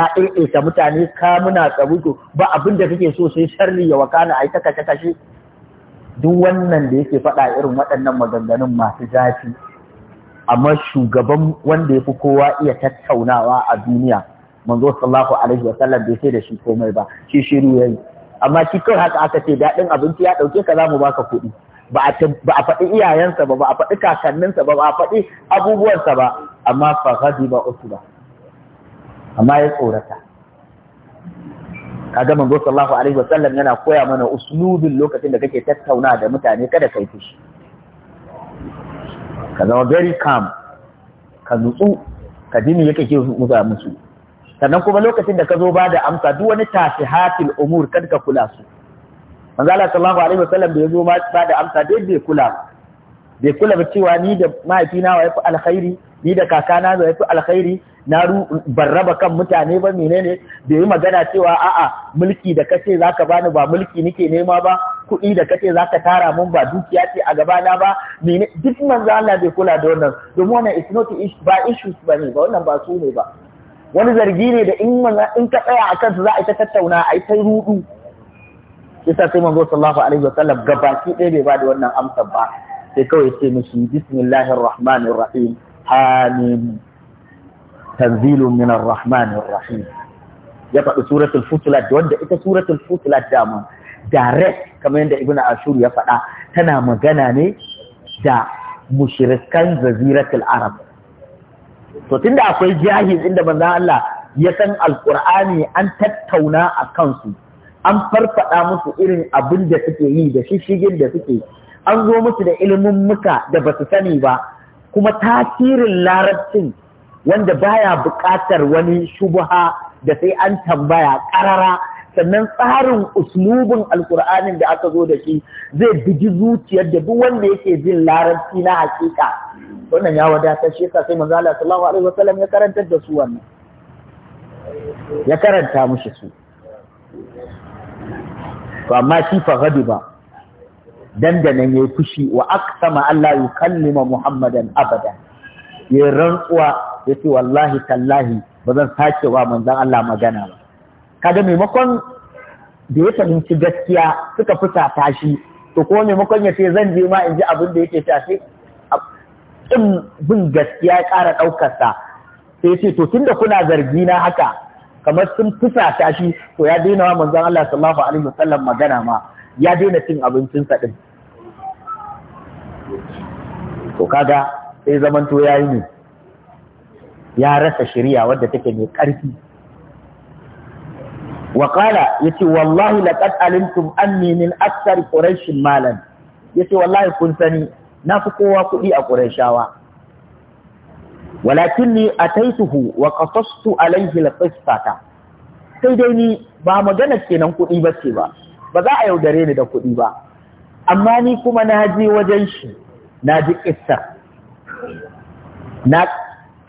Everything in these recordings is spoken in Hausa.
ka ɗaiɗaita mutane ka muna tsabuto ba abin da kake so sai sharri ya wakana ai ta kashe kashe duk wannan da yake faɗa irin waɗannan maganganun masu zafi amma shugaban wanda ya fi kowa iya tattaunawa a duniya manzo sallallahu alaihi wa sallam bai sai da shi komai ba shi shiru yayi amma shi kawai haka aka ce daɗin abinci ya ɗauke ka za mu baka kuɗi ba a faɗi iyayensa ba ba a faɗi kakanninsa ba ba a faɗi abubuwansa ba amma fa ba usu amma ya tsorata kaga manzo sallallahu alaihi sallam yana koya mana uslubin lokacin da kake tattauna da mutane kada kai fushi ka zama very calm ka nutsu ka ji me yake ke musa musu sannan kuma lokacin da ka zo ba da amsa duk wani tasihatil umur kada ka kula su manzo Allah sallallahu alaihi sallam da zo ba da amsa dai bai kula bai kula ba cewa ni da mahaifina wa yafi alkhairi ni da kakana ya yafi alkhairi na barraba kan mutane ba menene bai yi magana cewa a'a mulki da kace zaka bani ba mulki nike nema ba kuɗi da kace zaka tara mun ba dukiya ce a gaba na ba mene duk manzo Allah bai kula da wannan domin wannan is not ba issues bane ba wannan ba su ne ba wani zargi ne da in manzo in ka tsaya akan su za a ta tattauna a ta rudu Isa sai manzo sallallahu alaihi wasallam gabaki ɗaya bai ba da wannan amsar ba sai kawai ce mishi bismillahir rahmanir rahim amin tanzilun min rahim ya faɗi suratul fusilat wanda ita suratul fusilat dama direct kamar yadda ibnu ashur ya faɗa tana magana ne da mushrikan zaziratul arab to tunda akwai jahil inda manzo Allah ya san alqur'ani an tattauna a kansu an farfada musu irin abin da suke yi da shishigin da suke an zo musu da ilimin muka da basu sani ba kuma tasirin larabcin wanda baya buƙatar wani shubha da sai an tambaya ƙarara sannan tsarin uslubin alkur'anin da aka zo da shi zai bugi zuciyar da duk wanda yake jin larabci na hakika wannan ya wadatar shi yasa sai manzo Allah sallallahu alaihi wasallam ya karanta da su wannan ya karanta mushi su to amma shi fa da dandanan yayi fushi wa aqsama Allah yukallima Muhammadan abada ya rantsuwa ya ce wallahi tallahi ba zan sake wa manzan Allah magana ba kaga maimakon da ya fahimci gaskiya suka fusata shi to kuma maimakon ya ce zan je ma in ji abin da yake ta in bin gaskiya ya ƙara ɗaukarsa sai ce to tunda kuna zargi na haka kamar sun fusata shi to ya daina wa manzan Allah sallallahu alaihi sallam magana ma ya daina cin abincinsa ɗin. to kaga sai zamanto yi ne ya rasa shari'a wadda take mai ƙarfi wa qala yace wallahi laqad alimtum anni min aktsar quraish malan yace wallahi kun sani na fi kowa kuɗi a qurayshawa walakinni ataituhu wa qasastu alayhi alqisata sai dai ni ba magana kenan kuɗi ba ce ba ba za a yaudare ni da kuɗi ba amma ni kuma na je wajen shi na ji kissa na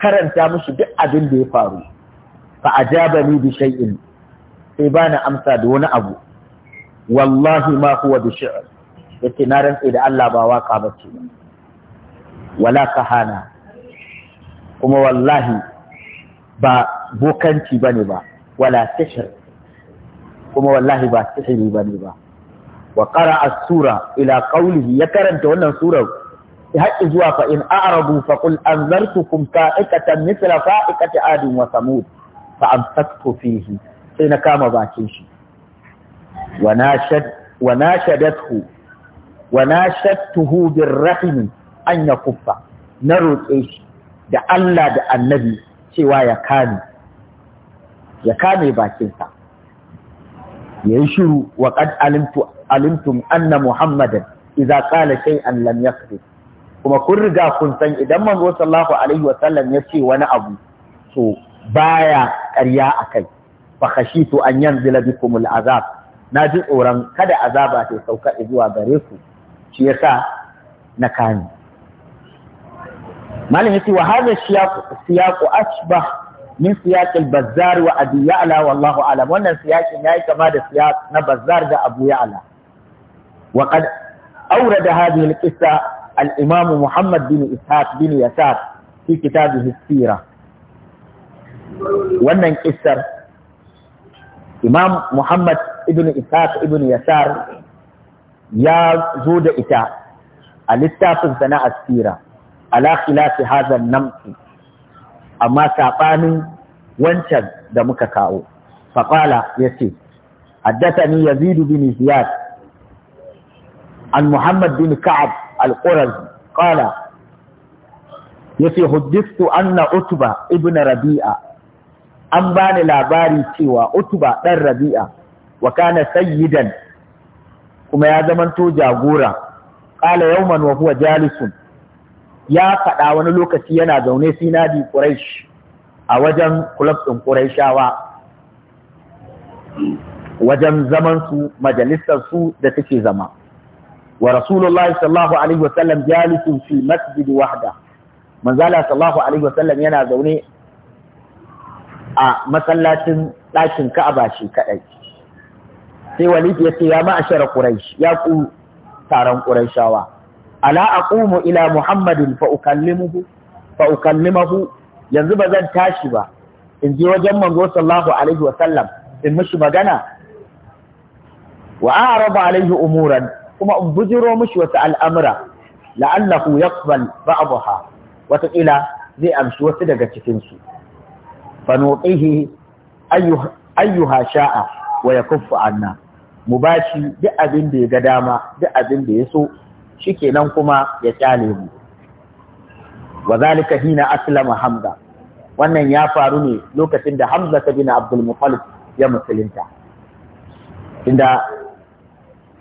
karanta musu duk abin da ya faru fa ajabani bi shay'in sai bani amsa da wani abu wallahi ma huwa bi shi'r yace na rantsa da Allah ba waka bace ba wala kahana kuma wallahi ba bokanci bane ba wala sihr kuma wallahi ba sihiri bane ba wa qara'a sura ila qawlihi ya karanta wannan surar haƙƙi zuwa fa in a'radu fa qul anzartukum sa'ikatan mithla sa'ikati adin wa samud fa amsaktu fihi sai na kama bakin shi wa nashad wa nashadathu wa nashadtuhu birrahim an yakuffa na roƙe shi da Allah da annabi cewa ya kame ya kame bakinsa ya yi shiru wa qad alimtu alimtum anna muhammadan idza qala shay'an lam yakذب kuma kun riga kun san idan manzo sallallahu alaihi wa sallam ya ce wani abu to baya ƙarya kai fa khashitu an yanzila bikum al'azab naji tsoron kada azaba ta sauka zuwa gare ku shi yasa na kani malam yace wa hadha siyaq siyaq asbah min siyaq al-bazzar wa abi ya'la wallahu a'lam wannan siyaqin yayi kama da siyaq na bazzar da abu ya'la وقد أورد هذه القصة al-imam Muhammad bin Ishaq bin Yasar fi kitabihi Sirah wannan kissar imam Muhammad ibn Ishaq ibn Yasar ya zo da ita a littafin sana asira ala khilafi hadha namti amma sabanin wancan da muka kawo faqala yace haddathani yazid bin ziyad an muhammad bin ka'ab al-qurazi qala yace huddistu anna utba ibn rabi'a an bani labari cewa utba ɗan rabi'a wa kana sayyidan kuma ya zamanto jagora qala yawman wa huwa jalisun ya faɗa wani lokaci yana zaune sinadi quraish a wajen kulab din quraishawa wajen zaman su majalisar su da take zama wa rasulullahi sallallahu alaihi wasallam jalisun fi masjid wahda manzala sallallahu alaihi wasallam yana zaune a masallacin ɗakin ka'aba shi kaɗai sai walid ya ce ya ma'ashara quraish ya ku taron qurayshawa ala aqumu ila muhammadin fa ukallimuhu fa yanzu ba zan tashi ba in je wajen manzo sallallahu alaihi wasallam in mishi magana wa a'rada alaihi umuran kuma in bujiro mashi wasu al'amura la'allahu yaqbal ba'daha watakila zai amshi wasu daga cikinsu fanoƙihi ayyuha sha'a wa yakuffu anna mu bashi duk abin da ya ga dama duk abin da ya so shi kenan kuma ya kyale mu wa zalika hina aslama hamza wannan ya faru ne lokacin da hamza bin abdul ya musulunta inda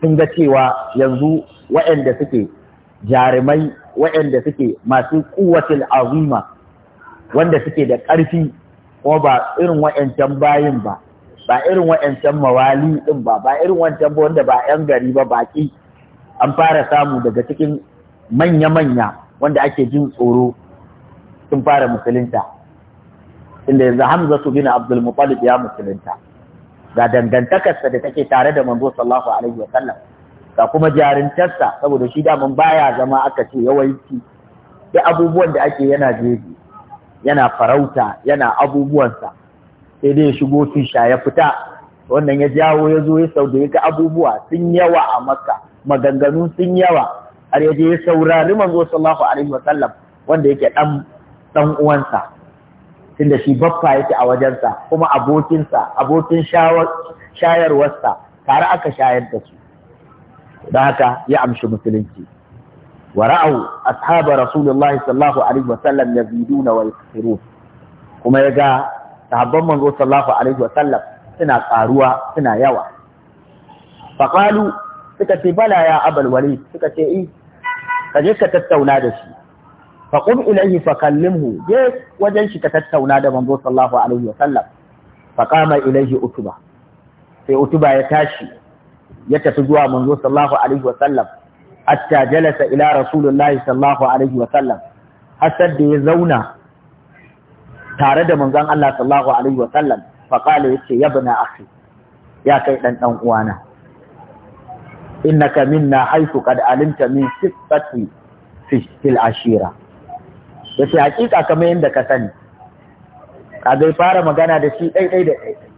sun ga cewa yanzu waɗanda suke jarumai waɗanda suke masu kuwatul azima wanda suke da ƙarfi ko ba irin waɗancan bayin ba ba irin waɗancan mawali ɗin ba ba irin wancan ba wanda ba 'yan gari ba baƙi an fara samu daga cikin manya-manya wanda ake jin tsoro sun fara musulunta inda yanzu hamza su bin abdul ya musulunta ga dangantakarsa da take tare da manzo sallallahu alaihi wa sallam ga kuma jarintarsa saboda shi da mun baya zama aka ce yawanci da abubuwan da ake yana jeji yana farauta yana abubuwansa sai dai ya shigo fisha ya fita wannan ya jawo ya zo ya sau da ya ga abubuwa sun yawa a makka maganganu sun yawa har ya je ya saurari manzo sallallahu alaihi wa sallam wanda yake dan dan uwansa tunda shi baffa yake a wajensa kuma abokinsa abokin shayarwarsa tare aka shayar da su da haka ya amshi musulunci wa ra'au ashaba rasulullahi sallallahu alaihi wa sallam yaziduna wa yakthirun kuma ga sahabban manzo sallallahu alaihi wa sallam suna karuwa suna yawa faqalu suka ce bala ya abul walid suka ce eh kaje ka tattauna da shi faqum ilayhi fakallimhu je wajen shi ka tattauna da manzo sallallahu alaihi wa sallam faqama ilayhi utuba sai utuba ya tashi ya tafi zuwa manzo sallallahu alaihi wa sallam hatta jalasa ila rasulullahi sallallahu alaihi wa sallam har da ya zauna tare da manzon Allah sallallahu alaihi wa sallam faqala yace ya bana akhi ya kai dan dan uwana innaka na haythu qad alimta min ashira Yace shi hakika kamar yadda ka sani kagai fara magana da shi ɗaiɗai da ɗaiɗai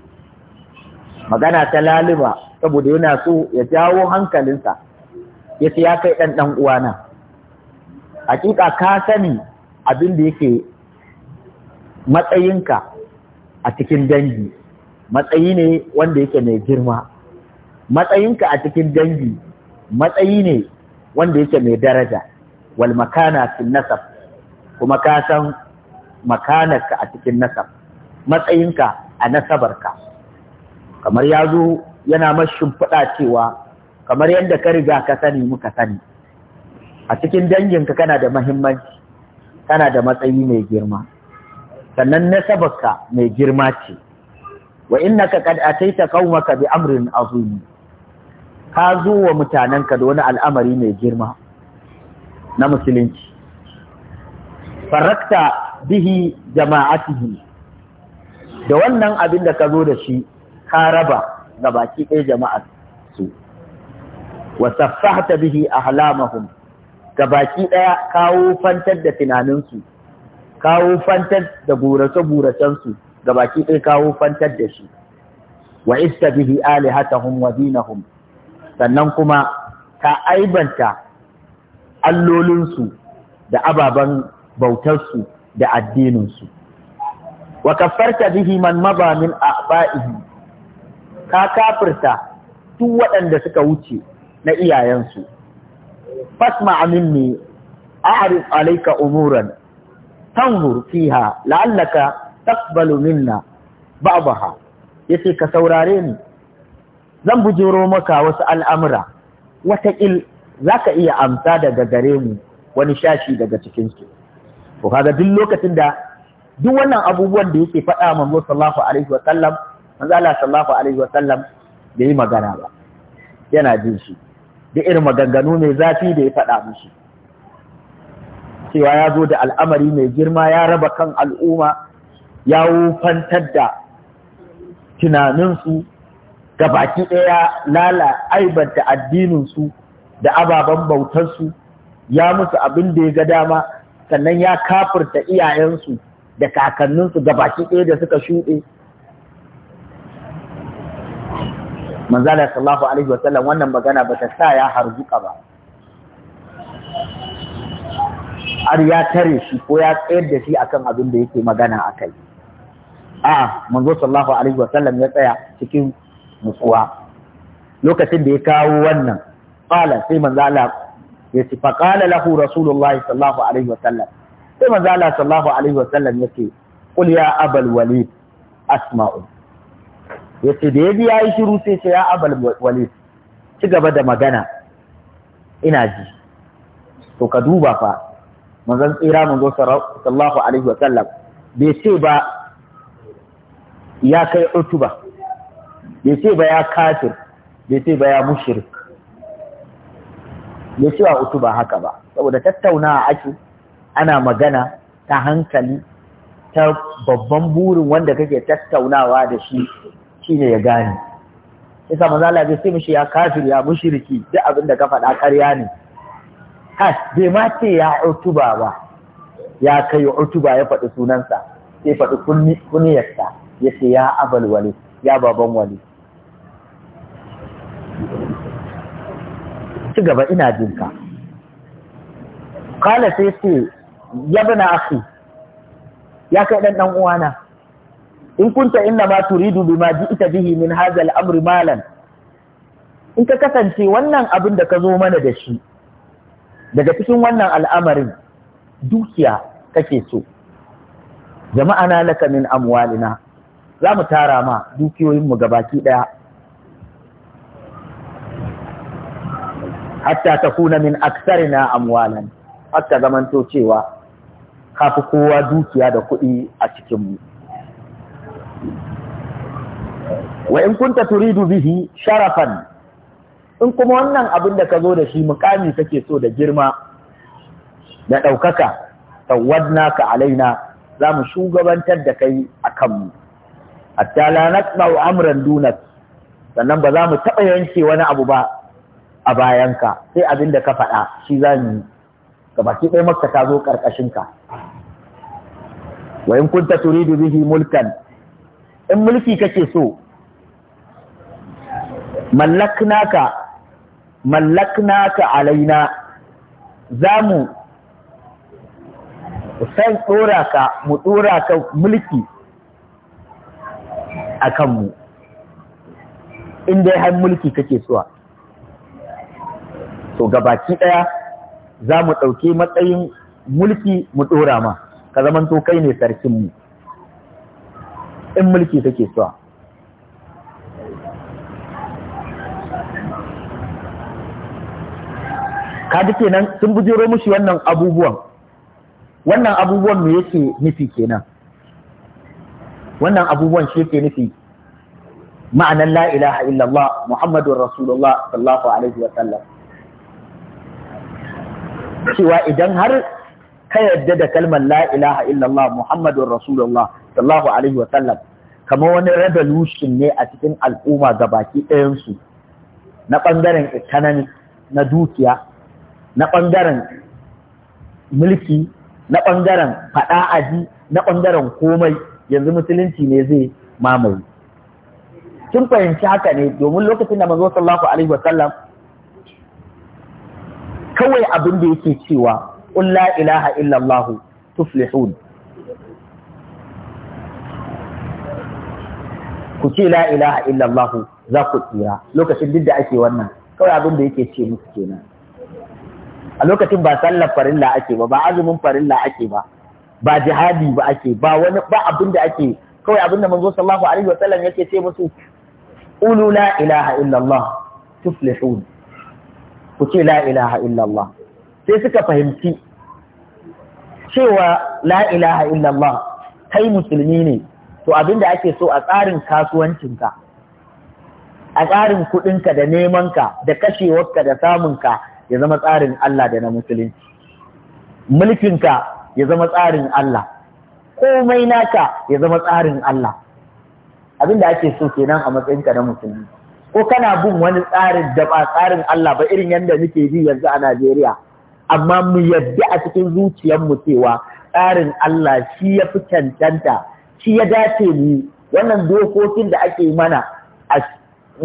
magana ta laliba saboda yana so ya jawo hankalinsa ya ce ya kai ɗan ɗan uwana hakika ka sani abin da yake matsayinka a cikin dangi matsayi ne wanda yake mai girma matsayinka a cikin dangi matsayi ne wanda yake mai daraja wal makana fil nasab kuma ka san makanarka a cikin nasab matsayinka a nasabarka kamar ya zo yana mashin fada cewa kamar yadda ka riga ka sani muka sani a cikin danginka kana da mahimmanci kana da matsayi mai girma sannan nasabarka mai girma ce wa ka kad ataita qaumaka bi amrin azim ka zo wa mutanenka da wani al'amari mai girma na musulunci farakta bihi jama'atihi da wannan abin da ka zo da shi ka raba ga baki ɗaya jama'ar su wa saffahta bihi ahlamahum ga baki ɗaya kawo fantar da tunaninsu kawo fantar da burace-buracensu ga baki ɗaya kawo fantar da shi wa ista bihi alihatahum wa dinahum sannan kuma ka aibanta allolinsu da ababen bautarsu da addininsu wa kafarta bihi man maba min a'ba'ihi ka kafirta duk waɗanda suka wuce na iyayensu fasma minni a'rif alayka umuran tanzur fiha la'allaka taqbalu minna ba'daha yace ka saurare ni zan bujiro maka wasu al'amura wataƙil za ka iya amsa daga gare mu wani shashi daga cikinsu to kaga duk lokacin da duk wannan abubuwan da yake faɗa manzo sallallahu alaihi wa sallam manzo Allah sallallahu alaihi wa sallam bai yi magana ba yana jin shi da irin maganganu mai zafi da ya faɗa mishi cewa ya zo da al'amari mai girma ya raba kan al'umma ya wufantar da tunaninsu ga baki ɗaya lala aibanta addininsu da ababen bautarsu ya musu abin da ya ga dama sannan ya kafirta iyayensu da kakanninsu ga baki ɗaya da suka shuɗe manzala sallallahu alaihi wasallam wannan magana ba ta sa ya harzuka ba har ya tare shi ko ya tsayar da shi akan abin da yake magana a kai a'a manzo sallallahu alaihi wasallam ya tsaya cikin mutuwa lokacin da ya kawo wannan qala sai manzala ya ce faƙala lahu rasulullahi sallallahu alaihi wa sallam sai manzo Allah sallallahu alaihi wa sallam ce, qul ya abal walid asma'u yace da ya yayi shiru sai ce ya abal walid ci gaba da magana ina ji to ka duba fa manzo tsira manzo sallallahu alaihi wa sallam bai ce ba ya kai utuba bai ce ba ya kafir bai ce ba ya mushrik ya ce wa ba haka ba saboda tattaunawa ake ana magana ta hankali ta babban burin wanda kake tattaunawa da shi shi ne ya gane yasa maza Allah sai mishi ya kafir ya mushriki duk abin da ka faɗa karya ne has bai ma ce ya utuba ba ya kai utuba ya faɗi sunansa sai faɗi kuniyarsa ya ce ya abalwale ya baban wale ci gaba ina jinka kala sai ce na aki, ya kai ɗan ɗan uwana in kunta inna ma turidu ji ita bihi min haza al malan in ka kasance wannan abin da ka zo mana da shi daga cikin wannan al'amarin dukiya kake so jama'a na laka min amwalina za mu tara ma dukiyoyinmu gabaki ɗaya hatta takuna min aktsarina amwalan hatta zamanto cewa kafi kowa dukiya da kuɗi a cikin mu wa in kunta turidu bihi sharafan in kuma wannan abin da ka zo da shi mukami kake so da girma da ɗaukaka tawadna ka alaina za mu shugabantar da kai a kanmu hatta la naqba'u amran dunak sannan ba za mu taɓa yanke wani abu ba a bayanka sai abin da ka faɗa shi za mu yi gabaki ɗaya makka ta zo ƙarƙashinka wa in kunta turidu bihi mulkan in mulki kake so mallaknaka mallaknaka alaina za mu san tsora ka mu tsora ka mulki a kanmu in dai har mulki kake so to gabaki ɗaya za mu ɗauki matsayin mulki mu ɗora ma ka zamanto kai ne sarkinmu in mulki take so kaji kenan sun bujero mushi wannan abubuwan wannan abubuwan me yake nufi kenan wannan abubuwan shi yake nufi ma'anar la ilaha illallah muhammadun rasulullah sallallahu alaihi wa sallam cewa idan har ka yadda da kalmar la ilaha illallah muhammadun rasulullah sallallahu alaihi wa sallam kamar wani revolution ne a cikin al'umma ga baki ɗayansu na ɓangaren economy na dukiya na ɓangaren mulki na ɓangaren faɗa aji na ɓangaren komai yanzu musulunci ne zai mamaye kin fahimci haka ne domin lokacin da manzo sallallahu alaihi wa sallam kawai abin da yake cewa qul la ilaha illa allah tuflihun ku ce la ilaha illa allah za ku tsira lokacin duk da ake wannan kawai abin da yake ce muku kenan a lokacin ba sallar farilla ake ba ba azumin farilla ake ba ba jihadi ba ake ba wani ba abin da ake kawai abin da manzo sallallahu alaihi wa sallam yake ce musu ulu la ilaha illallah tuflihun ku ce la ilaha illallah sai suka fahimci cewa la ilaha illallah kai musulmi ne to abinda ake so a tsarin kasuwancinka a tsarin kuɗinka da nemanka da kashewarka da samunka ya zama tsarin Allah da na musulunci mulkinka ya zama tsarin Allah komai naka ya zama tsarin Allah abinda ake so kenan a matsayinka na musulmi ko kana bin wani tsarin da ba tsarin Allah ba irin yadda muke bi yanzu a Najeriya amma mu yadda a cikin zuciyarmu cewa tsarin Allah shi ya fi cancanta shi ya dace ni. wannan dokokin da ake mana a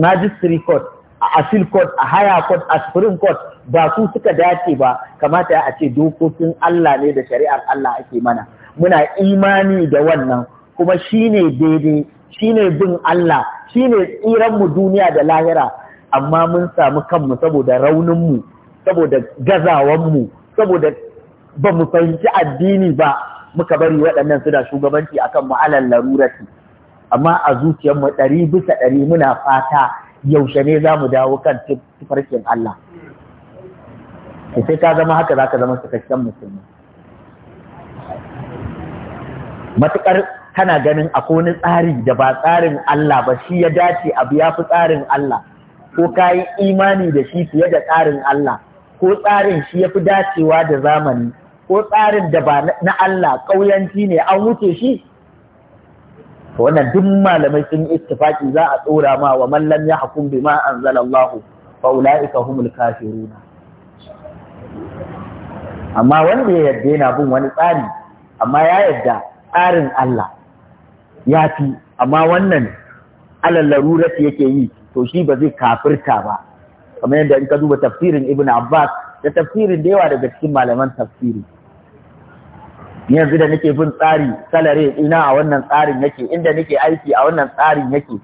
magistrate court a Asil court a Haya court a supreme court ba su suka dace ba kamata a ce dokokin Allah ne da shari'ar Allah ake mana muna imani da wannan kuma shi ne daidai shi ne bin Allah shine tsiran mu duniya da lahira amma mun samu kanmu saboda rauninmu, saboda gazawanmu, saboda ba mu fahimci addini ba muka bari waɗannan su da shugabanci akan mu alal larurati amma a zuciyarmu ɗari bisa ɗari muna fata yaushe ne za mu dawo kan tufarkin Allah sai ka zama haka za ka zama cikakken musulmi matuƙar kana ganin akwai wani tsari da ba tsarin Allah ba shi ya dace abu ya fi tsarin Allah ko ka yi imani da shi fiye da tsarin Allah ko tsarin shi ya fi dacewa da zamani ko tsarin da ba na Allah ƙauyanci ne an wuce shi wannan duk malamai sun yi ittifaki za a tsora ma wa ya hakun bi ma anzalallahu fa ulaika humul kafirun amma wanda ya yarda yana bin wani tsari amma ya yarda tsarin Allah ya fi amma wannan alal larurat yake yi to shi ba zai kafirta ba kamar yadda in ka duba tafsirin ibn abbas da tafsirin da yawa daga cikin malaman tafsiri yanzu da nake bin tsari salare ina a wannan tsarin yake inda nake aiki a wannan tsarin yake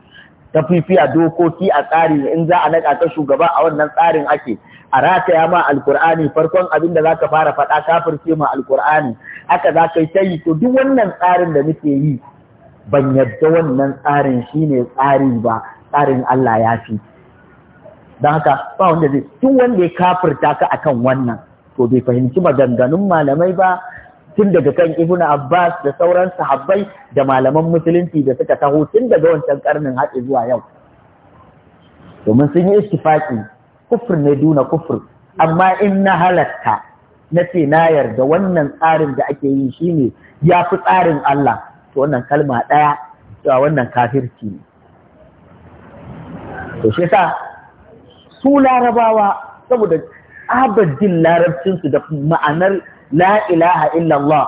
ta fifiya dokoki a tsari in za a naka ka shugaba a wannan tsarin ake a rataya ma alkur'ani farkon abin da zaka fara faɗa kafirce ma alkur'ani haka za ka yi ta yi to duk wannan tsarin da muke yi ban yadda wannan tsarin shine tsari ba tsarin Allah ya fi don haka ba wanda zai tun wanda ya kafirta ka kan wannan to bai fahimci maganganun malamai ba tun daga kan Ibn Abbas da sauran sahabbai da malaman musulunci da suka taho tun daga wancan karnin haɗe zuwa yau domin sun yi istifaki kufur ne duna kufur amma in na halatta na ce na yarda wannan tsarin da ake yi shine ya fi tsarin Allah to wannan kalma ɗaya cewa wannan kafirci ne to shi sa su larabawa saboda abadin larabcinsu da ma'anar lailaha ilaha illallah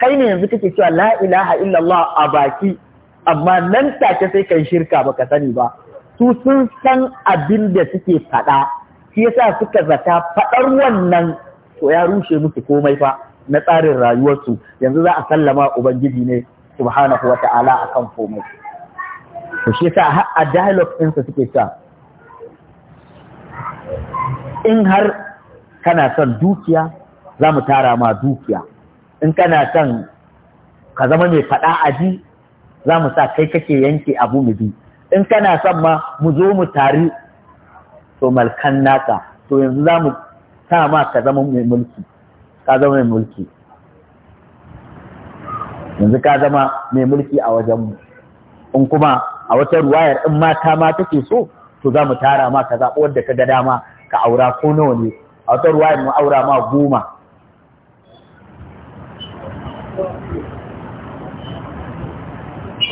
kai ne yanzu kake cewa lailaha ilaha illallah a baki amma nan take sai kan shirka baka sani ba su sun san abin da suke faɗa shi yasa suka zata faɗar wannan to ya rushe musu komai fa na tsarin rayuwarsu yanzu za a sallama ubangiji ne subhanahu wa ta'ala akan komai to shi yasa a dialogue ɗinsa suke sa in har kana son dukiya za mu tara ma dukiya in kana son ka zama mai faɗa aji za mu sa kai kake yanke abu mu bi in kana son ma mu zo mu tari to malkan naka to yanzu za mu sa ma ka zama mai mulki ka zama mai mulki yanzu ka zama mai mulki a mu in kuma a wata ruwayar in mata ma take so to za mu tara ma ka zaɓo wadda ka ga dama ka aura ko nawa ne a wata ruwayar mu aura ma goma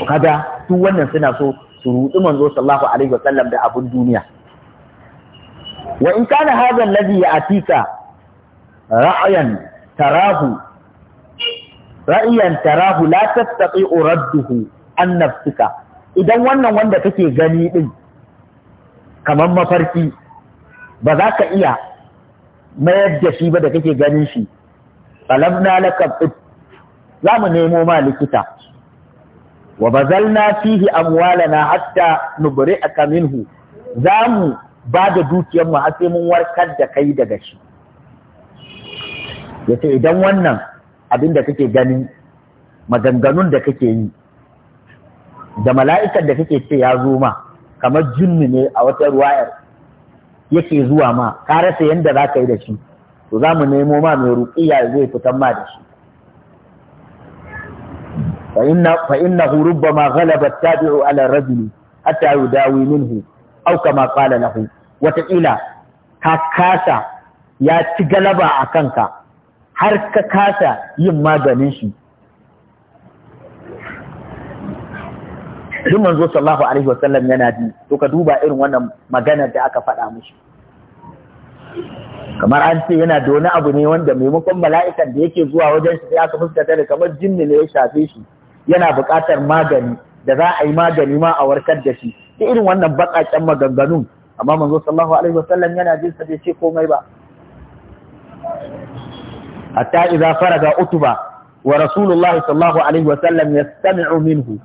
kada duk wannan suna so su rudi manzo sallallahu alaihi wasallam da abun duniya wa in kana hadha alladhi ya'tika ra'yan tarahu ra'iyan tarahu la tastati'u radduhu an nafsika idan wannan wanda kake gani din kamar mafarki ba za ka iya mayar da shi ba da kake ganin shi falamna laka za mu nemo ma likita wa bazalna fihi amwalana hatta nubri'aka minhu za mu ba da dukiyar mu har sai mun warkar da kai daga shi yace idan wannan abin da kake gani, maganganun da kake yi da mala'ikan da kake ce ya zo ma kamar jinni ne a wata ruwayar yake zuwa ma ka rasa yadda za ka yi da shi to za mu nemo ma mai ruƙiya zai fitan ma da shi fa innahu ma ghalaba tabi'u ala rajuli hatta yudawi minhu ma kama na hu. wataƙila ka kasa ya ci galaba a kanka har ka kasa yin maganin shi duk manzo sallallahu alaihi wasallam yana ji to ka duba irin wannan maganar da aka faɗa mishi kamar an ce yana da wani abu ne wanda maimakon mala'ikan da yake zuwa wajen shi sai aka fuskata da kamar jinni ne ya shafe shi yana buƙatar magani da za a yi magani ma a warkar da shi ta irin wannan baƙaƙen maganganun amma manzo sallallahu alaihi wasallam yana jin sa bai ce komai ba hatta idza faraga utuba wa rasulullah sallallahu alaihi wa sallam yastami'u minhu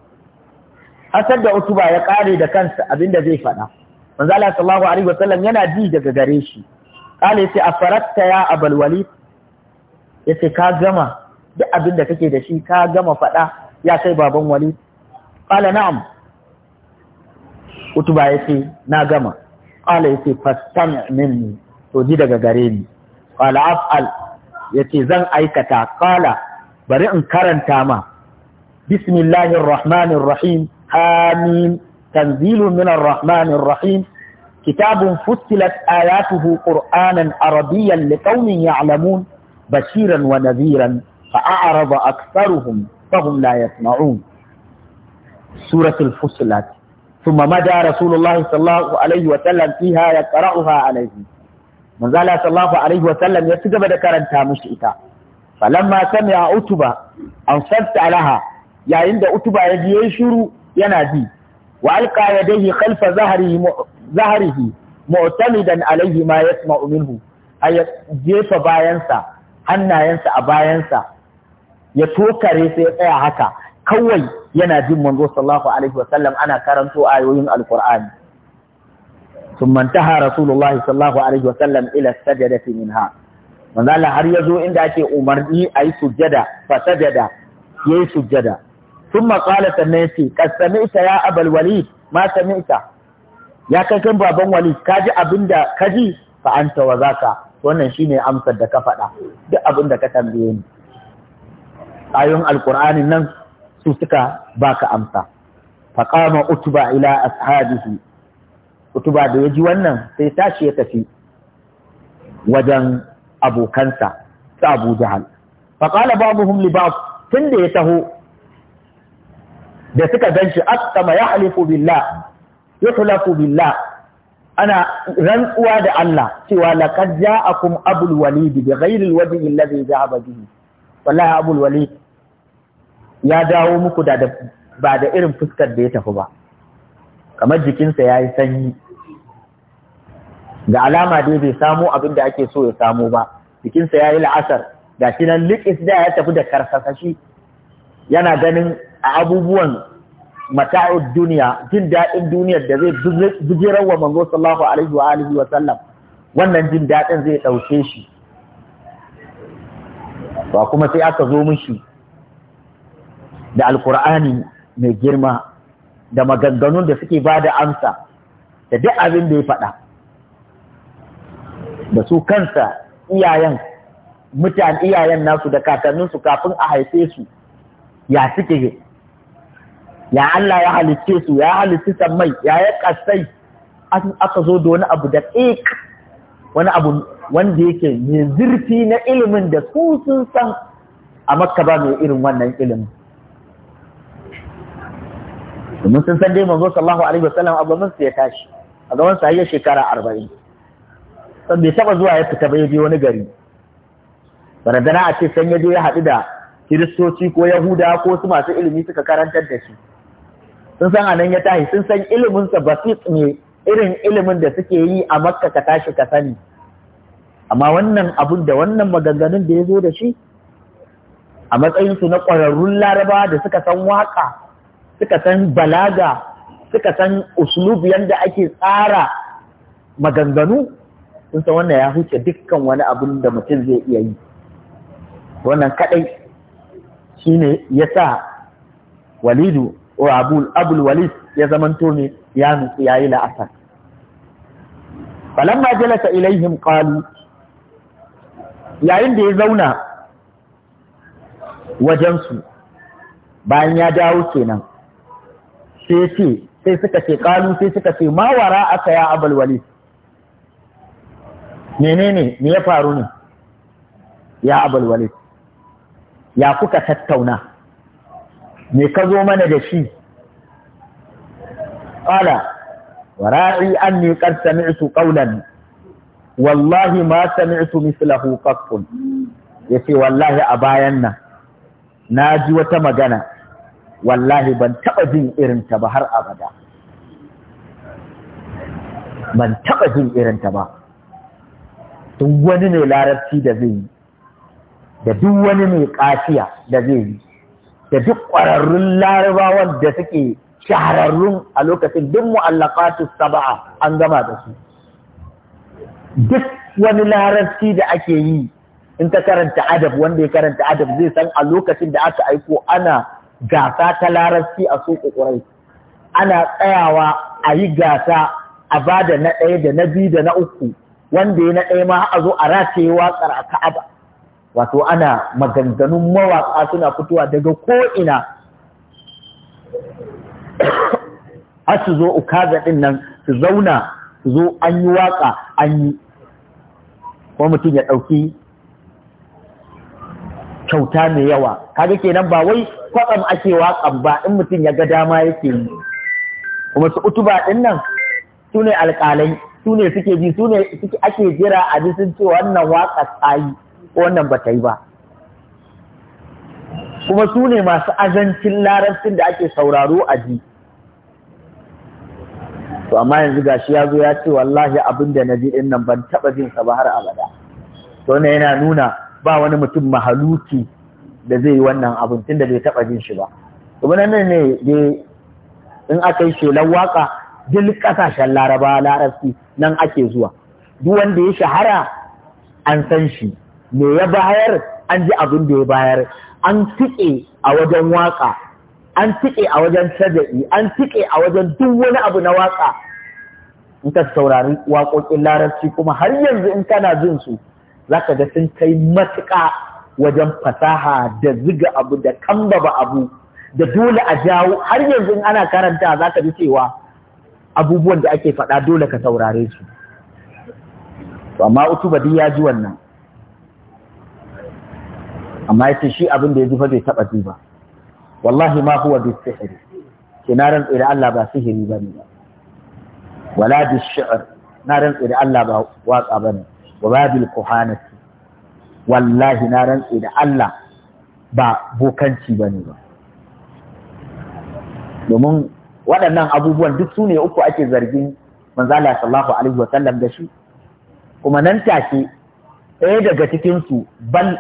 hasar da utuba ya kare da kansa abinda zai faɗa manzo Allah sallallahu alaihi wa sallam yana ji daga gare shi kale yace afaratta ya abul walid yace ka gama duk abinda kake da shi ka gama faɗa ya kai baban walid kala na'am utuba yace na gama kala yace fastami minni to ji daga gare ni qala af'al yace zan aikata kala bari in karanta ma bismillahir rahmanir rahim amin tanzilun minar rahmanir rahim kitabun fussilat ayatuhu qur'anan arabiyyan liqaumin ya'lamun bashiran wa nadhiran fa'arada aktharuhum fahum la yasma'un suratul fussilat ثم مدى رسول الله صلى الله عليه وسلم فيها يقرأها manzo Allah sallallahu alaihi wa sallam ya cigaba da karanta mishi ita falamma sami'a utuba an satta alaha. yayin da utuba ya ji yayi shiru yana bi wa alqa yadayhi khalfa zahrihi zahrihi mu'tamidan alaihi ma yasma'u minhu ay jefa bayansa hannayensa a bayansa ya tokare sai ya tsaya haka kawai yana jin manzo sallallahu alaihi wa sallam ana karanto ayoyin alqur'ani ثم انتهى رسول الله صلى الله عليه وسلم إلى السجدة منها من قال هل يزو عند أكي أمرني أي سجدة فسجد يي سجدة ثم قال سمعتي قد سمعت يا أبا الوليد ما سمعت يا كان بابا وليد كاجي أبندا كاجي فأنت وذاك wannan shine amsar da ka faɗa duk abin da ka tambaye ni ayoyin alqur'anin nan su suka baka amsa faqama utba ila ashabihi utuba da ya ji wannan sai tashi ya tafi wajen abokansa ta abu jahal faƙala babuhum li bab tun da ya taho da suka ganshi aqsama yahlifu billah yuhlafu billah ana rantsuwa da Allah cewa laqad ja'akum abul walid bi ghairi alwajhi alladhi ja'aba bihi wallahi abul walid ya dawo muku da ba da irin fuskar da ya tafi ba kamar jikinsa yayi sanyi da alama dai bai samu abin da ake so ya samu ba bikinsa ya yi la'asar Da shi nan likis da ya tafi da karsasashi yana ganin a abubuwan mata'ud duniya jin daɗin duniyar da zai bijirar wa manzo sallallahu alaihi wa alihi wa sallam wannan jin daɗin zai ɗauke shi ba kuma sai aka zo mishi da alkur'ani mai girma da maganganun da suke ba da amsa da duk abin da ya faɗa da su kansa iyayen mutane iyayen nasu da kakanninsu kafin a haife su ya suke ya Allah ya halicce su ya halicci mai, ya ya kasai aka zo da wani abu da ƙiƙ wani abu wanda yake mai zurfi na ilimin da su sun san a makka ba mai irin wannan ilimin domin sun san dai manzo sallallahu alaihi wasallam abu mun sai ya tashi a gaban sa shekara arba'in bai taba zuwa ya fita ba ya je wani gari barazana a ce san ya je ya haɗu da kiristoci ko yahuda ko su masu ilimi suka karantar da shi sun san anan ya tashi sun san iliminsa basit ne irin ilimin da suke yi a makka ka tashi ka sani amma wannan abun da wannan maganganun da ya zo da shi a matsayinsu na ƙwararrun laraba da suka san waƙa suka san balaga suka san uslub yadda ake tsara maganganu sun san wannan ya huce dukkan wani abin da mutum zai iya yi wannan kadai shine ya sa walidu o abul abul walid ya zamanto ne ya nutsu ya yi la'asar falamma jalasa ilaihim qalu yayin da ya zauna wajensu bayan ya dawo kenan sai ce sai suka ce kalu sai suka ce ma wara aka ya abul walid menene me ya faru ne ya abul ya kuka tattauna me ka zo mana da shi qala wara'i anni qad sami'tu qawlan wallahi ma sami'tu mislahu qattun yace wallahi a bayan nan na ji wata magana wallahi ban taɓa jin irinta ba har abada ban taɓa jin irinta ba duk wani mai larabci da zai yi da duk wani mai kafiya da zai yi da duk ƙwararrun larabawan da suke shahararrun a lokacin duk mu'allakatu saba'a an gama da su duk wani larabci da ake yi in ta karanta adab wanda ya karanta adab zai san a lokacin da aka aiko ana gasa ta larabci a suku ƙurai ana tsayawa a yi gasa a ba da na ɗaya da na biyu da na uku wanda ya na ɗaya ma a zo a rataye waƙar a ka'aba wato ana maganganun mawaƙa suna fitowa daga ko'ina har su zo ukaza ɗin nan su zauna su zo an yi waƙa an yi ko mutum ya ɗauki kyauta mai yawa kaga kenan ba wai kwatsam ake waƙan ba in mutum ya ga dama yake yi kuma su utuba ɗin nan su ne alƙalai su ne suke bi, su ne ake jira a ji sun ce wannan waka tsayi ko wannan ba ta yi ba kuma su ne masu azancin larabcin da ake sauraro a ji to amma yanzu gashi ya zo ya ce wallahi abin da na ji din nan ban taba jin sa ba har abada to ne yana nuna ba wani mutum mahaluki da zai yi wannan abin tunda bai taba jin shi ba to nan ne in aka yi shelar waka duk ƙasashen laraba larabci nan ake zuwa duk wanda ya shahara an san shi me ya bayar an ji abin da ya bayar an tike a wajen waka an tike a wajen tada'i an tike a wajen duk wani abu na waka in ka saurari waƙoƙin larabci kuma har yanzu in kana jin su zaka ga sun kai matuƙa wajen fasaha da ziga abu da kambaba abu da dole a jawo har yanzu in ana karanta zaka ji cewa abubuwan da ake faɗa dole ka taurare su amma Utu duk ya ji wannan amma ya ce shi abin da ya ji fa bai taba ba wallahi ma huwa bi sihiri na rantsa da Allah ba sihiri ba bane wala bi shi'r na rantsa da Allah ba waka ba ne. wa ba bil kuhanati wallahi na rantsa da Allah ba bokanci ba ne ba domin waɗannan abubuwan duk su ne uku ake zargin manzala sallallahu alaihi wa sallam da shi kuma nan take ɗaya daga cikinsu bal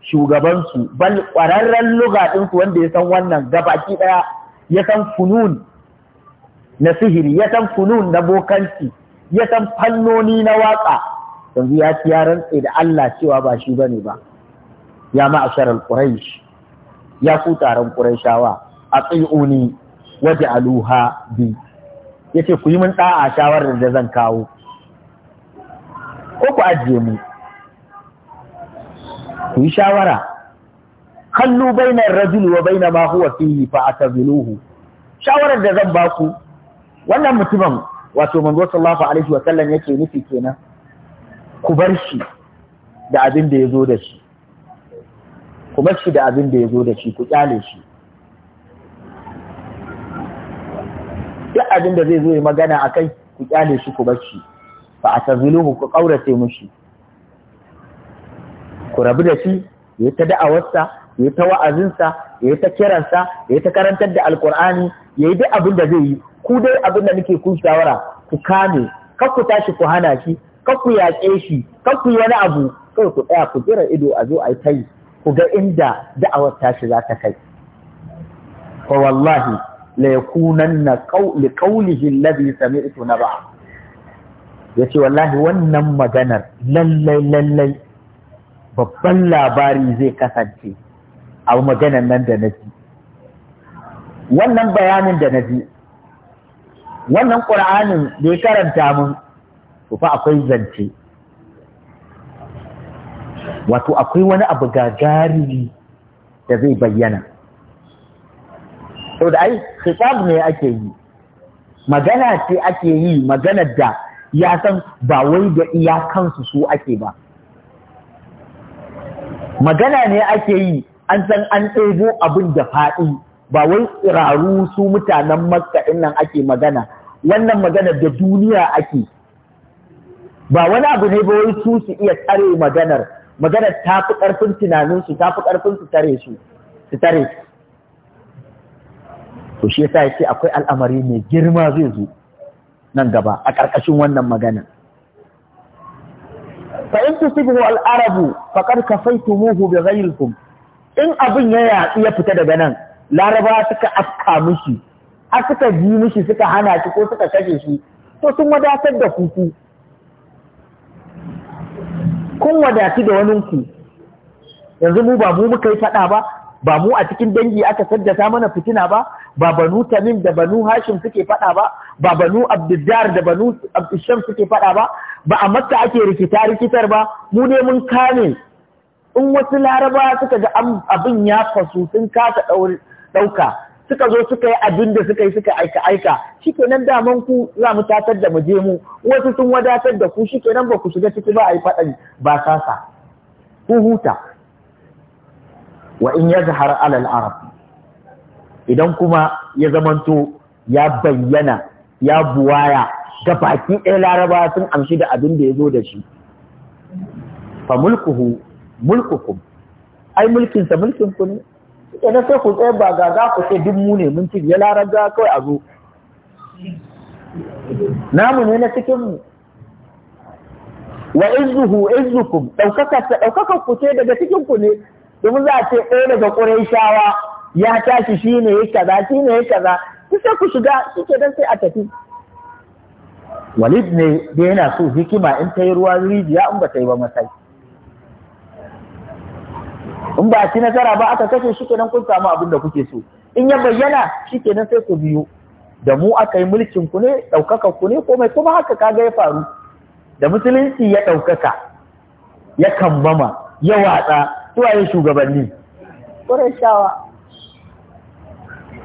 shugabansu bal ƙwararren lugaɗinsu wanda ya san wannan gabaki ɗaya ya san funun na sihiri ya san funun na bokanci ya san fannoni na waƙa yanzu ya ci ya rantse da Allah cewa ba shi bane ba ya ma'ashar quraish ya ku taron a atiuni waje aluha bi ya ce ku yi min ɗa'a shawarar da zan kawo ko ku ajiye mu ku yi shawara kallu bainar rajuli wa baina ma huwa fihi fa tabbiluhu. shawarar da zan ba ku wannan mutumin wato manzo sallallahu alaihi wa sallam yake nufi kenan ku bar shi da abin da yazo da shi ku bar shi da abin da yazo da shi ku kyale shi duk abin da zai zo ya magana a kai ku kyale shi ku bacci Ba a taziluhu ku ƙaurace mushi ku rabu da shi ya ta da'awarsa ya ta wa'azinsa ya ta kiransa ya ta karantar da alkur'ani ya yi duk abin da zai yi ku dai abin da nake kun shawara ku kame kar ku tashi ku hana shi kar ku yaƙe shi kar ku yi wani abu kai ku tsaya ku jira ido a zo a yi ta ku ga inda da'awar tashi za ta kai fa wallahi la yakunanna sami qawlihi alladhi sami'tu naba yace wallahi wannan maganar lallai lallai babban labari zai kasance a maganar nan da naji wannan bayanin da naji wannan qur'anin da ya karanta mun to fa akwai zance wato akwai wani abu gagarumi da zai bayyana saboda ai khitab ne ake yi magana ce ake yi maganar da ya san ba wai da iyakansu su ake ba magana ne ake yi an san an ɗebo abin da faɗi ba wai tsiraru su mutanen makka nan ake magana wannan maganar da duniya ake ba wani abu ne ba wai su su iya tsare maganar maganar ta fi ƙarfin tunaninsu ta fi ƙarfin su tare su to shi yasa yace akwai al'amari mai girma zai zo nan gaba a ƙarƙashin wannan magana fa in tusibu al-arabu faqad kafaytumuhu ghayrikum in abin ya yatsu ya fita daga nan laraba suka afka mushi, a suka ji mushi suka hana shi ko suka kashe shi to sun wadatar da kuku kun wadatu da wani ku yanzu mu ba mu muka yi faɗa ba ba mu a cikin dangi aka saddata mana fitina ba ba banu tamim da banu hashim suke fada ba ba banu abdiddar da banu abdishan suke fada ba ba a makka ake rikita rikitar ba mu ne mun kame in wasu laraba suka ga abin ya fasu sun kasa dauka suka zo suka yi abin da suka yi suka aika aika shikenan daman ku za mu tatar da mu je mu wasu sun wadatar da ku shikenan ba ku shiga ciki ba a yi faɗan ba sasa ku huta wa in yazhar ala al-arab idan kuma ya zamanto ya bayyana ya buwaya ga baki ɗaya laraba sun amshi da abin da ya zo da shi fa mulkuhu mulkukum ai mulkinsa ku ne idan sai ku tsaye ba ga za ku sai duk mu ne mun ci ya laraba kawai a zo namu ne na cikin mu wa izuhu izukum daukaka daukaka ku ce daga cikin ku ne domin za a ce ɗaya daga ƙurayshawa ya tashi shi ne ya kaza shi ne ya kaza ku sai ku shiga shi ke dan sai a tafi walid ne da yana so hikima in ta yi ruwa rijiya in ba ta yi ba masai in ba ci nasara ba aka kashe shi kenan kun samu abin da kuke so in ya bayyana shi kenan sai ku biyo da mu aka yi mulkin ku ne ɗaukaka ku ne komai kuma haka kaga ya faru da musulunci ya ɗaukaka ya kambama ya watsa suwaye shugabanni ƙurashawa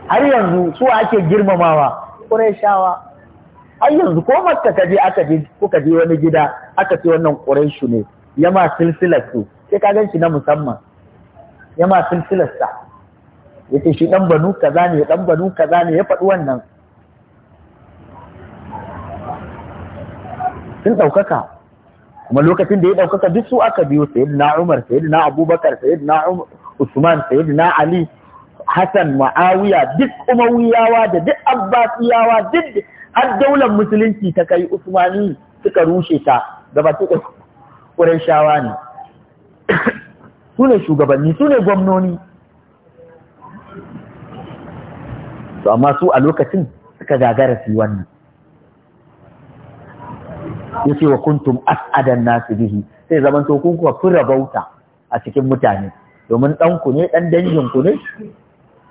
har yanzu su ake girmamawa ƙurashawa har yanzu ko makka ka je aka je kuka je wani gida aka ce wannan shu ne yama silsilar su sai ka gan shi na musamman yama silsilar sa yace shi dan banu kaza ne dan banu kaza ne ya faɗi wannan sun ɗaukaka kuma lokacin da ya ɗaukaka duk su aka biyo sayyidina Umar sayyidina Abubakar sayyidina Usman sayyidina Ali Hassan Ma'awiya duk Umayyawa da duk Abbasiyawa duk har daular musulunci ta kai Usmani suka rushe ta ba ta Qurayshawa ne su ne shugabanni su ne gwamnoni to amma su a lokacin suka gagara su wannan ce wa kuntum as'adan nasu bihi sai zaman to kun kuwa fi rabauta a cikin mutane domin dan ku ne dan dangin ku ne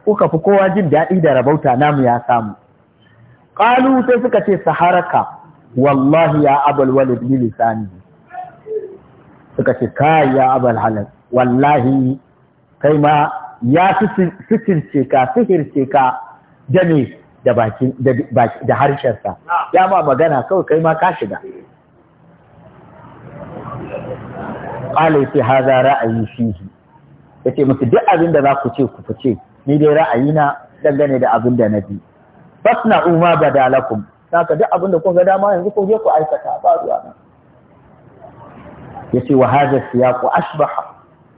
kuka fi kowa jin daɗi da rabauta namu ya samu qalu sai suka ce saharaka wallahi ya abul walid li lisani suka ce kai ya abul halal wallahi kai ma ya sitirce ka sihirce ka da ne da harshensa ya ma magana kawai kai ma ka shiga qala yace hadha ra'ayi fihi yace musu duk abin da za ku ce ku fice ni dai ra'ayina dangane da abin da na bi fasna'u ma badalakum saka duk abin da kun ga dama yanzu ku je ku aikata ba ruwa na yace wa hadha siyaqu ashbaha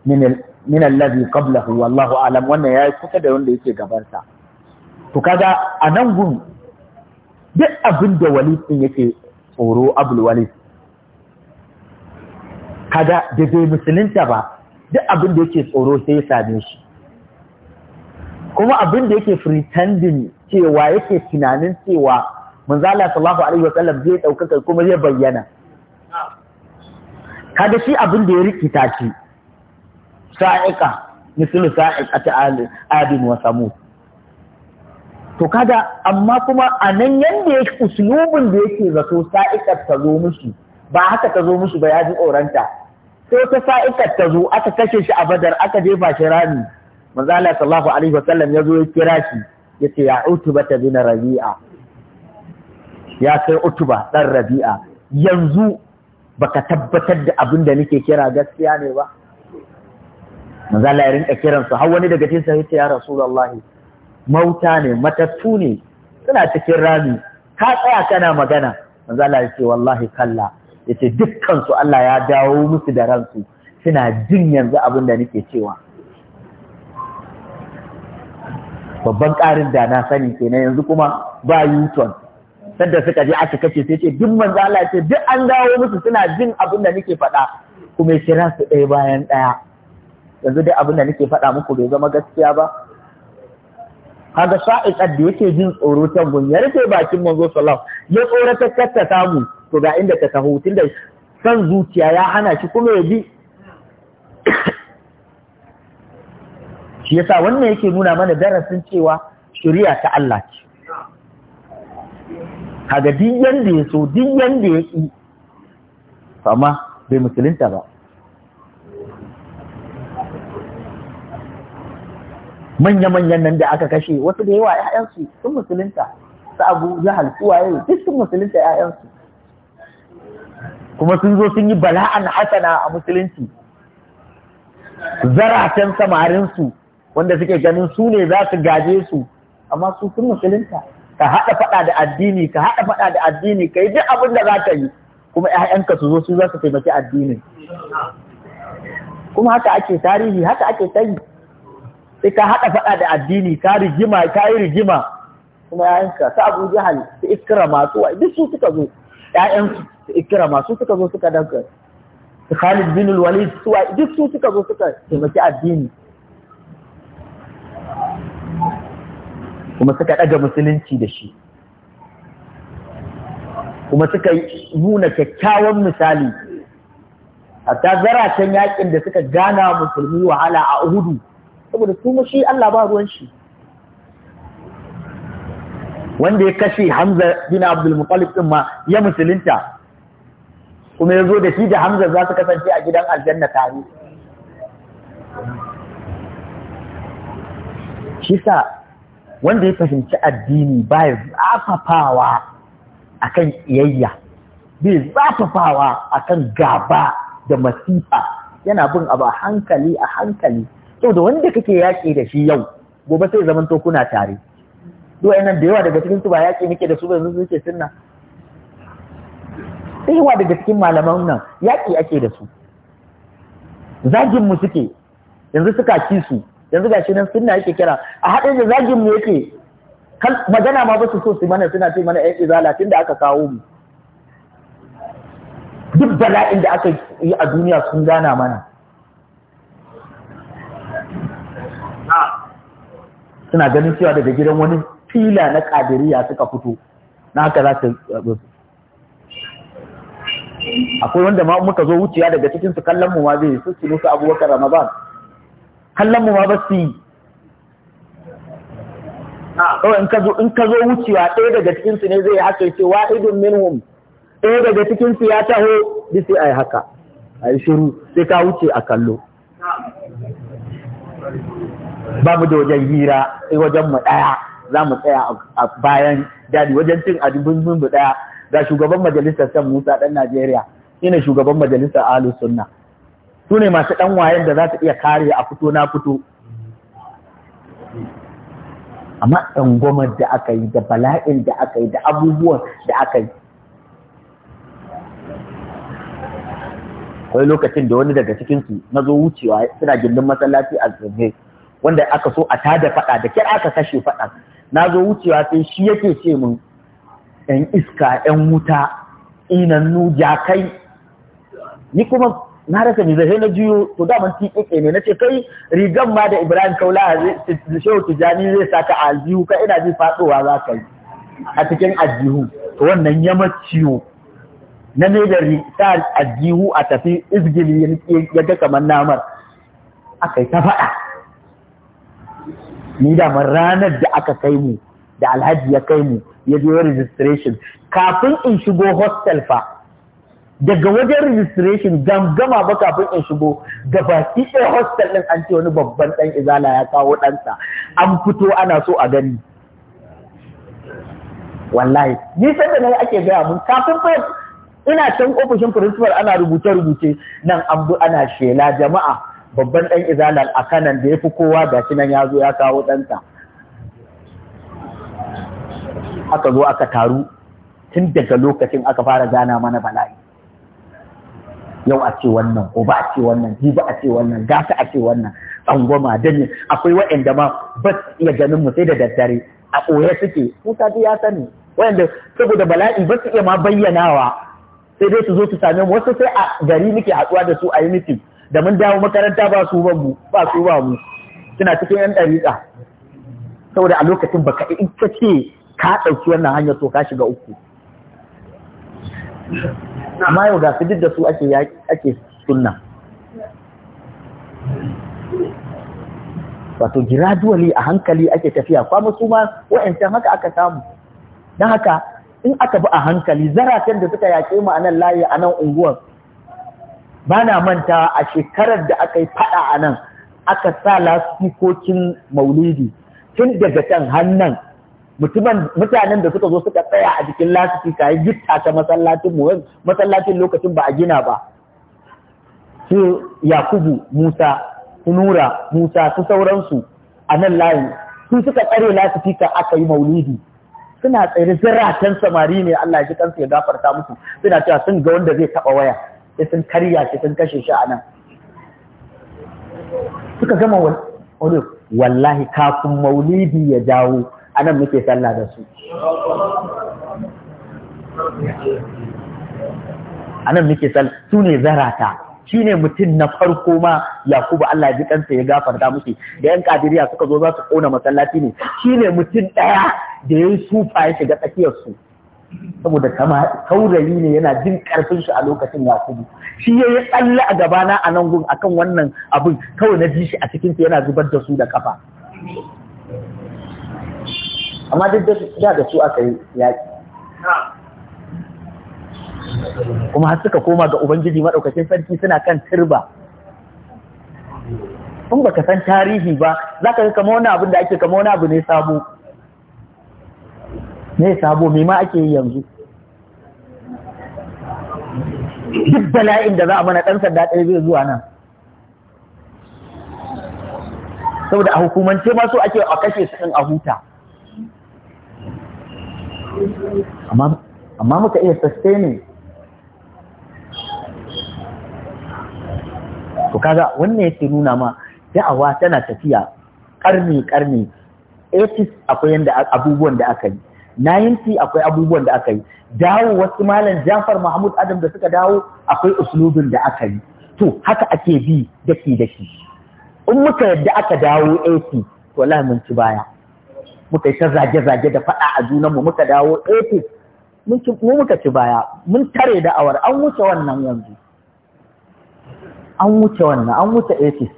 min al min alladhi qablahu wallahu a'lam wannan yayi kusa da wanda yake gaban sa to kaga anan gun duk abin da walid din yake tsoro abul walid Kada da bai musulunta ba duk abin da yake tsoro sai ya same shi kuma abin da yake pretending cewa yake tunanin cewa manzala sallallahu alaihi wa sallam zai daukaka kuma zai bayyana Kada shi abin da ya rikita shi sa'iqa misal sa'iqa ta adin wa samu to kada amma kuma anan yanda yake uslubin da yake zato sa'iqa ta zo mushi ba haka ta zo musu ba ya ji tsoronta sai ta sa'ika ta zo aka kashe shi a badar aka jefa shi rami manzo Allah sallallahu alaihi wasallam ya zo ya kira shi ce ya utuba ta bin rabi'a ya kai utuba dan rabi'a yanzu baka tabbatar da abin da nake kira gaskiya ne ba manzo Allah ya rinka kiran su har wani daga cikin sa yace ya rasulullahi mauta ne matattu ne suna cikin rami ka tsaya kana magana manzo Allah ya ce wallahi kalla yace ce dukkansu Allah ya dawo musu da ransu suna jin yanzu abin da nake cewa babban ƙarin da na sani kenan yanzu kuma ba yuton sadda suka je aka kace sai ce duk manzo Allah ce duk an dawo musu suna jin abin da nake faɗa kuma ya kira su ɗaya bayan ɗaya yanzu dai abin da nake faɗa muku bai zama gaskiya ba Haga sha'iqar da yake jin tsoro ta gunyar ya rufe bakin manzo sallallahu ya tsorata katta samu to ga inda ka taho da san zuciya ya hana shi kuma ya bi shi yasa wannan yake nuna mana darasin cewa shari'a ta Allah ce kaga din yanda ya so din yanda ya yi amma bai musulunta ba manya-manyan nan da aka kashe wasu da yawa 'ya'yansu sun musulunta su abu jahal suwaye duk sun musulunta 'ya'yansu kuma sun zo sun yi bala'an hasana a musulunci zaratan samarinsu wanda suke ganin su ne za su gaje su amma su sun musulunta ka haɗa faɗa da addini ka haɗa faɗa da addini ka yi duk abin da za ka yi kuma ‘ya'yanka su zo su za su taimaki addini kuma haka ake tarihi haka ake tari, sai ka haɗa faɗa da addini ka rigima ka yi rigima kuma ‘ya'yanka su abu jihal su iskira masu wa duk su suka zo ‘ya'yansu su ikirama su suka zo suka daga su Khalid bin Walid suwa duk su suka zo suka taimaki addini kuma suka daga musulunci da shi kuma suka nuna kyakkyawan misali a zaratan yakin da suka gana musulmi wahala a Uhudu saboda su shi Allah ba ruwan shi wanda ya kashe Hamza bin Abdul Muttalib din ma ya musulunta kuma ya zo da shi da hamza za su kasance a gidan aljanna tare shi sa wanda ya fahimci addini ba zafafawa kan iyayya ya zafafawa akan gaba da masifa yana bin abu a hankali a hankali da wanda kake yaƙi da shi yau gobe sai zamanto kuna tare duwa nan da yawa daga cikin su ba yaƙi nake da su ba yanzu suke sunna da yawa daga cikin malaman nan yaƙi ake da su zagin mu suke yanzu suka ci su yanzu gashi nan sunna yake kira a haɗe da zagin mu yake magana ma basu so su mana suna ce mana ƴan izala tun da aka kawo mu duk bala'in da aka yi a duniya sun gana mana suna ganin cewa daga gidan wani fila na ƙadiriya suka fito na haka za su akwai wanda ma muka zo wuciya daga cikin su kallon mu ma zai su su nuka abubakar ramadan kallon mu ma ba su yi in ka zo in ka zo wuciya ɗaya daga cikin su ne zai haka ya ce idun minhum ɗaya daga cikin su ya taho bi sai ai haka ai shiru sai ka wuce a kallo ba mu da wajen hira sai wajen mu ɗaya za mu tsaya a bayan dadi wajen cin mun mu ɗaya ga shugaban majalisar san Musa ɗan Najeriya shine shugaban majalisar Ahlus Sunna Sune masu dan wayen da za su iya kare a fito na fito amma tsangwamar da aka yi da bala'in da aka yi da abubuwan da aka yi akwai lokacin da wani daga cikinsu na zo wucewa suna gindin masallaci a zirge wanda aka so a tada faɗa da kira aka kashe faɗa na zo wucewa sai shi yake ce min ‘yan iska, ‘yan wuta, inannu, jakai, ni kuma na rasa mai zai na juyo to daman tiƙeƙe ne na ce kai rigan ma da Ibrahim Kaula da Shehu tijani zai sa ka aljihu ka ina ji faɗowa za ka yi a cikin aljihu to wannan yama ciwo na ne da sa aljihu a tafi izgili ya ga kamar namar aka yi ta faɗa ni da ranar da aka kai mu da alhaji ya kai mu ya je registration kafin in shigo hostel fa daga wajen registration gangama ba kafin in shigo da baki ɗaya hostel ɗin an ce wani babban ɗan izala ya kawo ɗansa an fito ana so a gani wallahi ni sai da ake gaya mun kafin fa ina can ofishin principal ana rubuce rubuce nan an bi ana shela jama'a babban ɗan izalal a kanan da ya fi kowa ga shi nan ya zo ya kawo ɗansa aka zo aka taru tun daga lokacin aka fara gana mana bala'i yau a ce wannan ko ba a ce wannan ba a ce wannan gasa a ce wannan tsangwama danne akwai waɗanda ma ba su iya ganin mu sai da daddare a ɓoye suke musa dai ya sani waɗanda saboda bala'i ba su iya ma bayyanawa sai dai su zo su same mu wasu sai a gari muke haɗuwa da su a yi mitin da mun dawo makaranta ba su ba mu ba su ba mu suna cikin yan ɗariƙa saboda a lokacin baka ka ce ka ɗauki wannan hanyar to ka shiga uku amma yau ga duk da su ake ake sunna wato gradually a hankali ake tafiya kuma su ma wa'ancan haka aka samu don haka in aka bi a hankali zarafin da suka yaƙe mu a nan layi a nan unguwar ba na manta a shekarar da aka yi faɗa a nan aka sa lasikokin maulidi tun daga can hannan mutanen da suka zo suka tsaya a jikin lasiki ka gitta ta masallacin mu masallacin lokacin ba a gina ba su yakubu musa su nura musa su sauransu a nan layi sun suka tsare lasiki ka aka yi maulidi suna tsere ziratan samari ne Allah shi kansu ya gafarta musu suna cewa sun ga wanda zai taba waya sai sun karya shi sun kashe shi a nan suka gama wallahi kafin maulidi ya jawo. a nan muke sallah da su a nan muke sallah su ne zarata shi ne mutum na farko ma yakubu Allah ji kansa ya gafarta muke. da yan kadiriya suka zo za su kona masallaci ne shi ne mutum ɗaya da ya yi sufa ya shiga tsakiyarsu. su saboda kama taurari ne yana jin karfin shi a lokacin yakubu shi ya yi tsalle a gabana a nan gun akan wannan abin kawai na ji shi a cikin yana zubar da su da kafa amma duk da da su aka yi yaƙi kuma har suka koma ga ubangiji maɗaukacin sarki suna kan turba Tun baka san tarihi ba za ka kama wani abin da ake kama wani abu ne sabo ne sabo me ma ake yi yanzu duk bala'in da za a mana ɗan sanda ɗaya zai zuwa nan saboda a hukumance ma so ake a kashe su ɗin a huta amma muka iya sustaining to kaga wannan yake nuna ma da'awa tana tafiya karni karni 80 akwai yanda abubuwan da aka yi 90 akwai abubuwan da aka yi dawo wasu malam Jafar Mahmud Adam da suka dawo akwai uslubin da aka yi to haka ake bi daki daki in muka yadda aka dawo 80 to wallahi mun ci baya muka yi ta zage-zage da faɗa a junanmu muka dawo 80 mu muka ci baya mun tare da awar an wuce wannan yanzu an wuce wannan an wuce ofis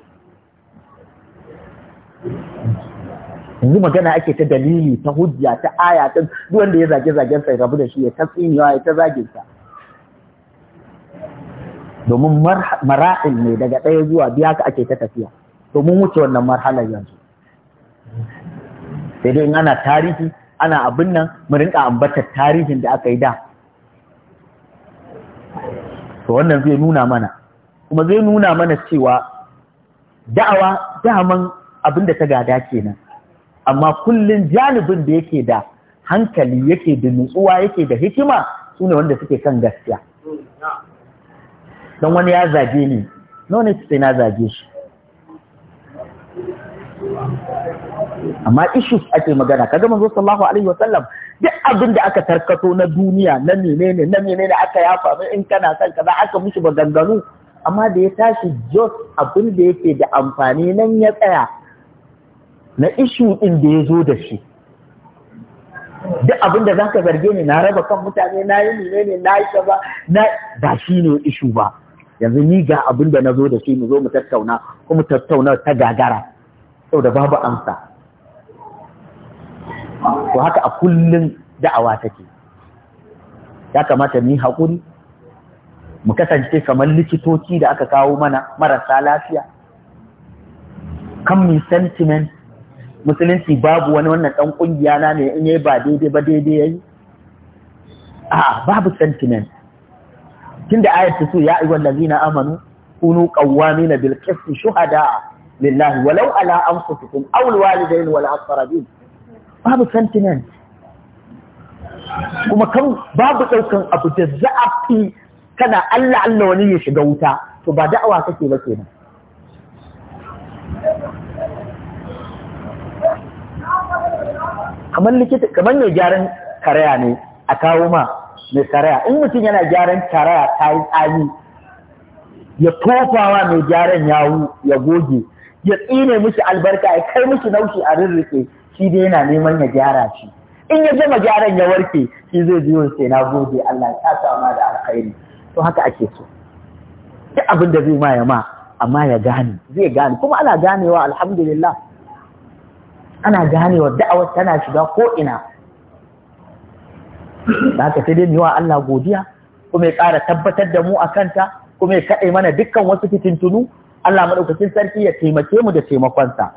yanzu magana ake ta dalili ta hujja ta aya ta duk wanda ya zage-zagen sai rabu da shi ya ta tsinewa ya ta zage sa domin mara'il ne daga ɗaya zuwa biya ka ake ta tafiya domin wuce wannan marhalar yanzu sai dai ana tarihi ana abin nan mu rinka ambatar tarihin da aka yi da to wannan zai nuna mana kuma zai nuna mana cewa da'awa daman abin da ta gada kenan amma kullum janibin da yake da hankali yake da nutsuwa yake da hikima sune wanda suke kan gaskiya don wani ya zage ni no ne sai na zage shi amma issues ake magana kaga manzo sallallahu alaihi wasallam duk abin da aka tarkato na duniya na menene na menene aka yafa mai in kana san kaza aka mishi maganganu amma da ya tashi just abin da yake da amfani nan ya tsaya na ishu din da ya zo da shi duk abin da zaka zarge ni na raba kan mutane na yi menene na yi kaza na ba ne ishu ba yanzu ni ga abin da na zo da shi mu zo mu tattauna kuma tattauna ta gagara saboda babu amsa to haka a kullum da'awa take ya kamata mu haƙuri mu kasance kamar likitoci da aka kawo mana marasa lafiya kan mi sentiment musulunci babu wani wannan ɗan ƙungiya na ne in yayi ba daidai ba daidai yayi a babu sentiment Tun da ayat su ya da ladina amanu kunu qawwamina bil qisti shuhada lillahi walau ala anfusikum aw aul walidayn wal aqrabin babu sentiment kuma kan babu ɗaukan abu da za'afi kana Allah Allah wani ya shiga wuta to ba da'awa kake ba kenan kamar likita kamar mai gyaran karaya ne a kawo ma mai karaya in mutum yana gyaran karaya ta yi tsami ya tofawa mai gyaran yawu ya goge ya tsine mishi albarka ya kai mishi naushi a rirrike shi dai yana neman ya gyara shi in ya gama gyaran ya warke shi zai biyo sai na gode Allah ya sa da alkhairi to haka ake so duk abin da zai ma ya ma amma ya gane zai gane kuma ana ganewa alhamdulillah ana ganewa da'awar tana shiga ko ina ba ka sai dai wa Allah godiya kuma ya ƙara tabbatar da mu a kanta kuma ya kaɗe mana dukkan wasu fitintunu Allah madaukakin sarki ya taimake mu da taimakonsa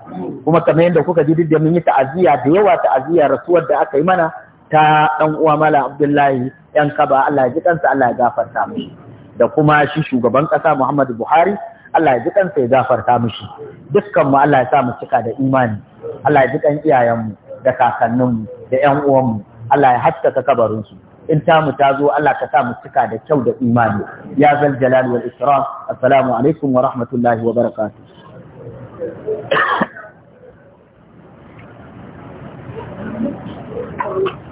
kuma kamar yadda kuka ji da mun yi ta'aziyya da yawa ta'aziyya rasuwar da aka yi mana ta dan uwa mala Abdullahi yan kaba Allah ya ji kansa Allah ya gafarta mishi da kuma shi shugaban ƙasa Muhammadu Buhari Allah ya ji kansa ya gafarta mishi dukkan mu Allah ya sa mu cika da imani Allah ya ji kan iyayen mu da kakannin mu da ƴan uwan mu Allah ya haskaka kabarin su in ta mu ta zo Allah ka sa mu cika da kyau da imani ya zal jalal wal ikram assalamu alaikum wa rahmatullahi wa barakatuh